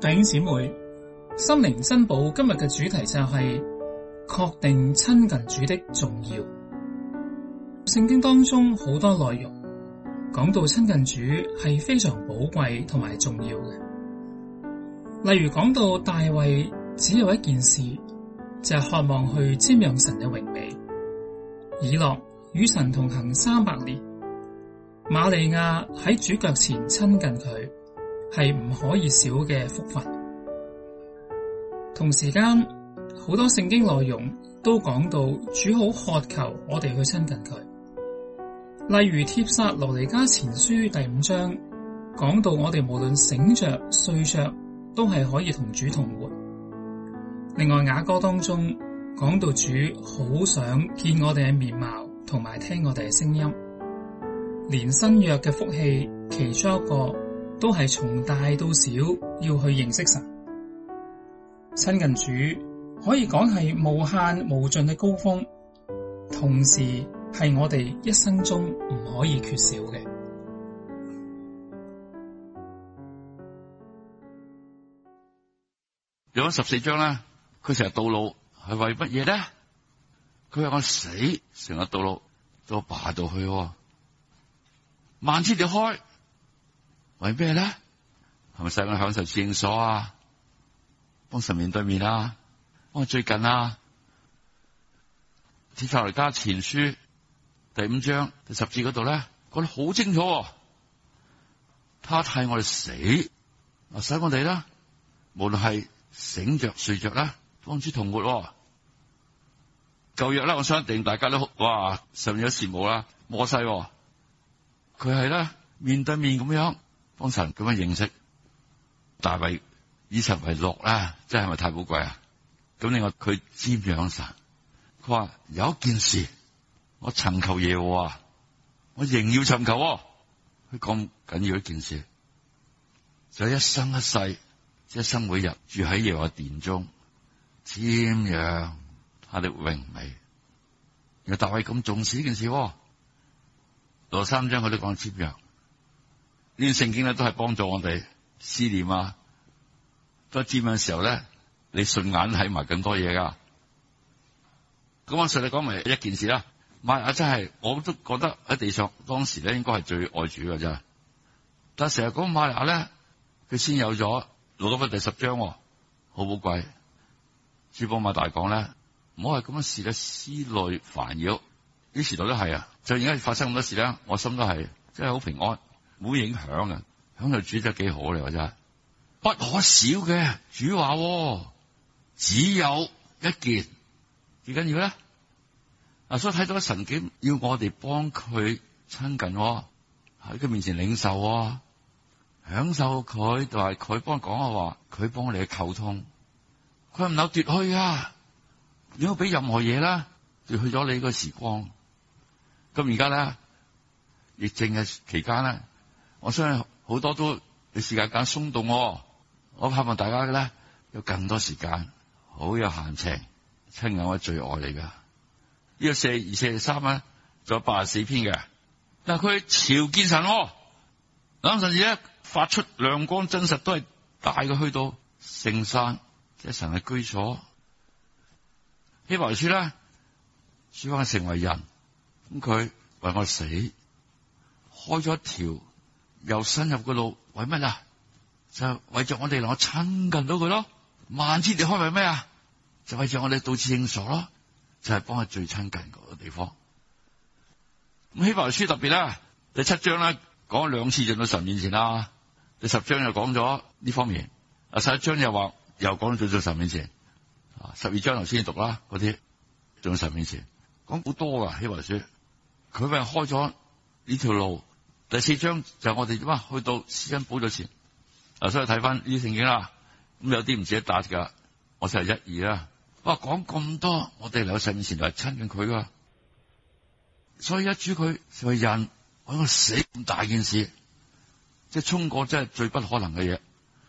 弟兄姊妹，心靈珍寶今日嘅主題就係確定親近主的重要。聖經當中好多內容講到親近主係非常寶貴同埋重要嘅，例如講到大衛只有一件事就係渴望去瞻仰神嘅榮美，以諾與神同行三百年，瑪利亞喺主腳前親近佢。係唔可以少嘅福分。同時間，好多聖經內容都講到主好渴求我哋去親近佢。例如《帖撒羅尼迦前書》第五章講到我們無論著，我哋無論醒着睡着，都係可以同主同活。另外《雅歌》當中講到主好想見我哋嘅面貌，同埋聽我哋嘅聲音。連新約嘅福氣，其中一個。都係從大到小，要去認識神，親近主，可以講係無限無盡嘅高峰，同時係我哋一生中唔可以缺少嘅。有咗十四章啦，佢成日道路係為乜嘢咧？佢話我死，成日道路都爬到去，萬千條開。為咩咧？係咪使我們享受聖所啊？幫神面對面啊？幫我最近啊？《帖撒羅尼迦前書》第五章第十字嗰度咧，講得好清楚、啊，他替我哋死，使我哋啦，無論係醒着睡着啦，幫諸同活、啊，舊約啦！我相信大家都很哇，上面有事慕啦，摩西、啊，佢係咧面對面咁樣。安神咁樣認識大衛，以神為樂啦、啊，真係咪太寶貴啊？咁你話佢瞻仰神？佢話有一件事，我尋求耶和華、啊、我仍要尋求、啊，佢咁緊要一件事，就一生一世，即一生每日住喺耶和華殿中，瞻仰他的榮美。而大衛咁重視呢件事、啊，羅三章佢都講瞻仰。呢段聖經咧都係幫助我哋思念啊！得知嘅時候咧，你順眼睇埋咁多嘢噶。咁我實際講咪一件事啦。馬利亞真、就、係、是，我都覺得喺地上當時咧，應該係最愛主嘅啫。但係成日講馬利亞咧，佢先有咗。攞到份第十章，好寶貴。主保馬大講咧，唔好係咁樣的事嘅思慮煩擾。呢時代都係啊，就近而家發生咁多事咧，我心都係真係好平安。冇影響啊，響度煮得幾好嚟噶，真係不可少嘅主話、哦，只有一件最緊要咧。所以睇到神經要我哋幫佢親近喎、哦，喺佢面前領受啊、哦，享受佢，就係佢幫講嘅話，佢幫我哋溝通，佢唔能夠奪去啊，如果俾任何嘢啦，奪去咗你個時光，咁而家咧，疫症嘅期間咧。我相信好多都你時間更鬆動，我盼望大家嘅咧有更多時間，好有閒情。親牛係最愛嚟噶，呢個四二四三啊，仲有八十四篇嘅。但係佢朝見神，啱陣時咧發出亮光，真實都係帶佢去到聖山，即係神嘅居所。呢本處咧，書翻成為人，咁佢為我死，開咗一條。又深入個路為乜啊？就為着我哋能夠親近到佢咯。幔子裂開為咩啊？就為着我哋到至聖所咯。就係幫佢最親近嗰個地方。咁希伯來書特別啦，第七章啦講咗兩次進到神面前啦，第十章又講咗呢方面。啊，十一章又話又講到最到神面前。啊，十二章頭先讀，啦嗰啲，仲到神面前講好多噶希伯來書，佢咪開咗呢條路。第四章就係我哋點啊？去到施恩寶座前，啊，所以睇翻呢啲情景啦，咁有啲唔捨得打噶。我先係一二啦。我講咁多，我哋兩世面，前就係親近佢啊。所以一主佢，佢人我一個死咁大件事，即係沖過，真係最不可能嘅嘢。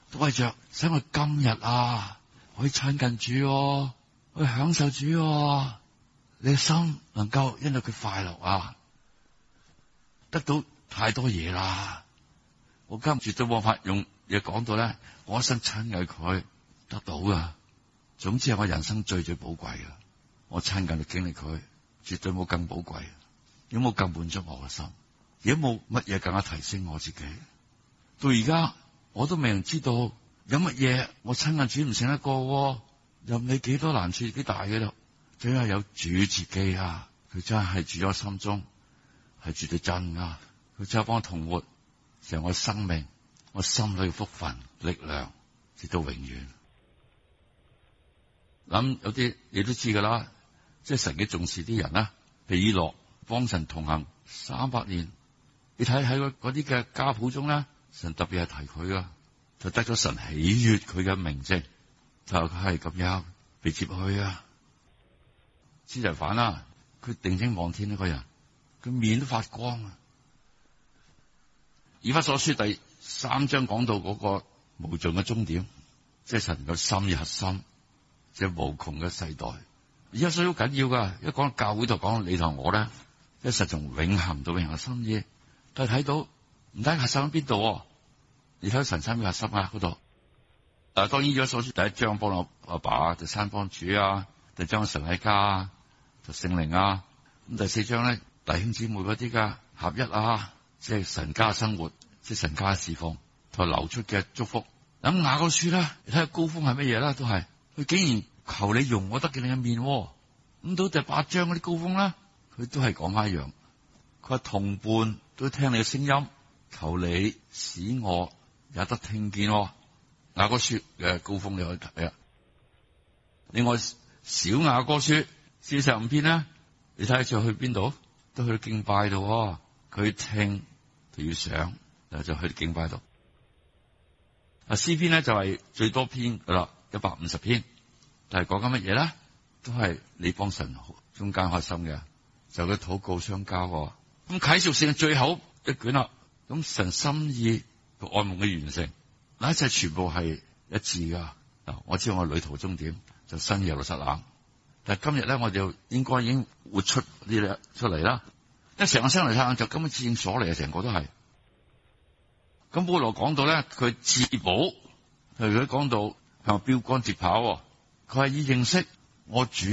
都係着使我今日啊，可以親近主啊，去享受主啊，你嘅心能夠因到佢快樂啊，得到。太多嘢啦，我今絕對冇法用嘢講到咧。我一生親愛佢得到㗎。總之係我人生最最寶貴㗎！我親近嘅經歷佢，絕對冇咁寶貴，有冇咁滿足我嘅心，有冇乜嘢更加提升我自己。到而家我都未人知道有乜嘢我親近住唔成一個，喎。任你幾多難處幾大嘅啦。真係有主自己啊，佢真係住咗我心中，係住到真啊！佢就幫我同活，成為我生命、我心裏嘅福分、力量，直到永遠。咁有啲你都知噶啦，即係神嘅重視啲人啊，以諾幫神同行三百年。你睇喺嗰啲嘅家譜中咧，神特別係提佢㗎，就得咗神喜悦佢嘅明證。就係係咁樣被接去啊，司提反啦！佢定睛望天呢個人，佢面都發光啊！以弗所書第三章講到嗰個無盡嘅終點，即係神嘅心核心，即係無窮嘅世代。而家所以好緊要噶，一講教會就講你同我咧，一實從永恒到永恒嘅心意。但係睇到唔睇核心喺邊度？你睇神心嘅核心喺嗰度？當當然以弗所書第一章幫我阿爸,爸就三、是、幫主啊，第二章神喺家就聖、是、靈啊，咁第四章咧弟兄姊,姊妹嗰啲噶合一啊。即係神家生活，即係神家侍奉，就流出嘅祝福。咁、嗯、雅哥書啦，你睇下高峰係乜嘢啦？都係佢竟然求你容我得見你一面、哦。咁、嗯、到第八章嗰啲高峰啦，佢都係講一樣。佢話同伴都聽你嘅聲音，求你使我也得聽見、哦。雅哥書嘅高峰你可以睇啊。另外小雅哥書四十五篇啦，你睇佢去邊度？都去到敬拜度、哦。佢聽。就要上，就去警快度。啊，詩篇咧就係、是、最多篇噶啦，一百五十篇，但係講緊乜嘢咧？都係你幫神中間開心嘅，就佢禱告相交。咁啟示性最後一卷啦，咁神心意同愛慕嘅完成，嗱一切全部係一致噶。嗱，我知道我旅途終點就新耶路撒冷，但係今日咧我哋應該已經活出呢一出嚟啦。一成個聲嚟聽就根自然所嚟啊！成個都係咁保羅講到咧，佢自保，佢講講到向咪標杆直跑，哦？佢係以認識我主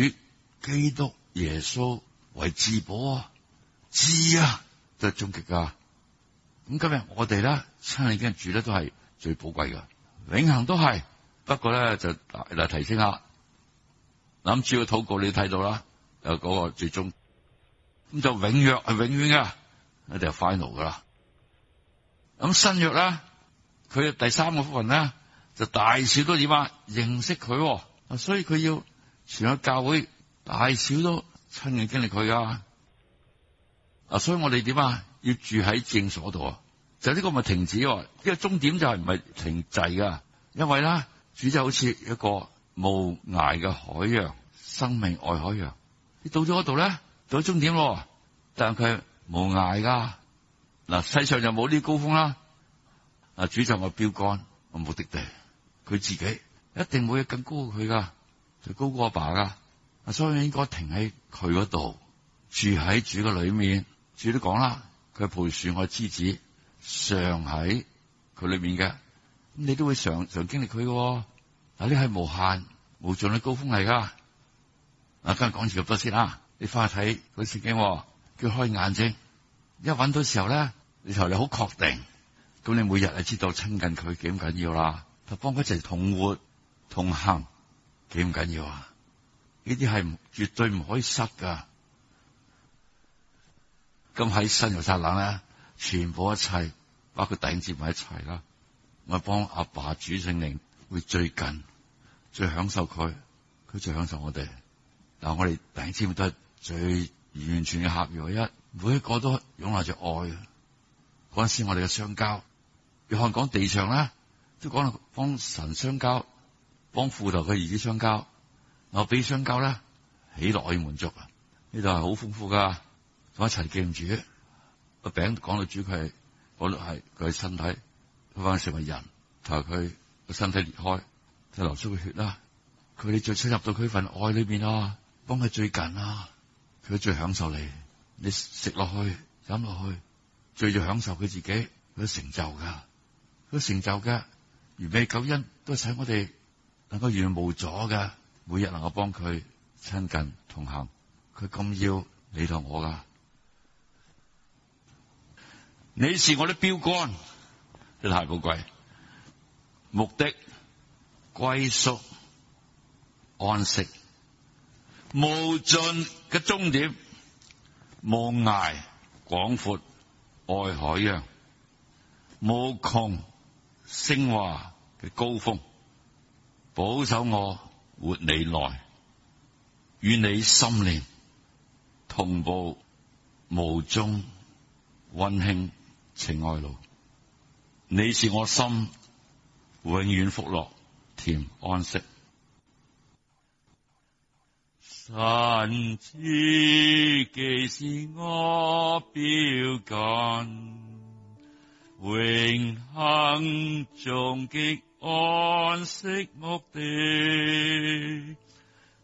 基督耶穌為自保啊！知啊，就係終極啊！咁今日我哋咧親已經住得都係最寶貴噶，永恒都係。不過咧就嚟提升下，諗住要禱告，你睇到啦，誒嗰個最終。咁就永約係永遠噶，一定係 final 噶啦。咁新約咧，佢嘅第三個福分咧，就大小都點啊認識佢、哦，所以佢要全個教會大小都親身經歷佢噶。啊，所以我哋點啊，要住喺聖所度啊，就呢個咪停止、哦，呢、這個終點就係唔係停滯噶，因為呢，主就好似一個無涯嘅海洋，生命愛海洋，你到咗嗰度咧。到終點咯，但佢冇涯噶。嗱，世上就冇呢啲高峰啦。啊，主就我標竿，我目的地，佢自己一定會更高過佢噶，就高過阿爸噶。所以應該停喺佢嗰度，住喺主嘅裏面。主都講啦，佢係葡萄樹，我枝子，常喺佢裏面嘅。咁你都會常常經歷佢噶。嗱，呢係無限無盡嘅高峰嚟噶。啊，今日講住咁多先啦。你翻去睇佢聖經，叫開眼睛，一揾到時候咧，你頭你好確定，咁你每日就知道親近佢幾唔緊要啦，就幫佢一齊同活同行，幾唔緊要啊？呢啲係絕對唔可以失噶。咁喺新耶路撒冷咧，全部一切包括頂接埋一齊啦，我幫阿爸，爸主聖靈會最近最享受佢，佢最享受我哋，嗱我哋頂接都係。最完全嘅合二一，每一個都擁有着愛。嗰陣時我哋嘅相交，約翰講地上啦，都講到幫神相交，幫父代嘅兒子相交。我俾相交啦，起來滿滿足啊！呢度係好豐富噶，同一齊記唔住？個餅講到主佢係，我係佢嘅身體，翻成為人，同佢個身體裂開，就流出嘅血啦。佢哋再進入到佢份愛裏邊啊，幫佢最近啊。佢最享受你，你食落去飲落去，最要享受佢自己，佢成就噶，佢成就噶，完美九恩，都使我哋能夠完滿無阻噶，每日能夠幫佢親近同行，佢咁要你同我噶，你是我的標竿，你太寶貴，目的歸宿、安息。無盡嘅終點，無涯廣闊愛海洋，無窮昇華嘅高峰，保守我活你來，與你心靈同步無終溫馨情愛路，你是我心永遠福樂甜安息。神自己是我標竿，永恆終極安息目的。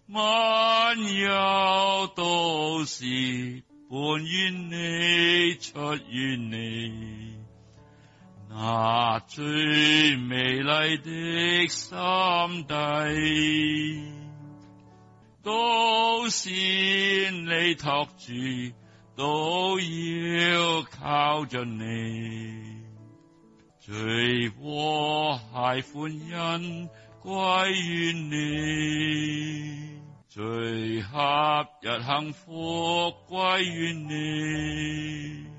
萬有都是本於你，出於你，那最美麗的心底，都是你托住，都要靠着你；最和諧歡欣歸於你，最合一幸福歸於你。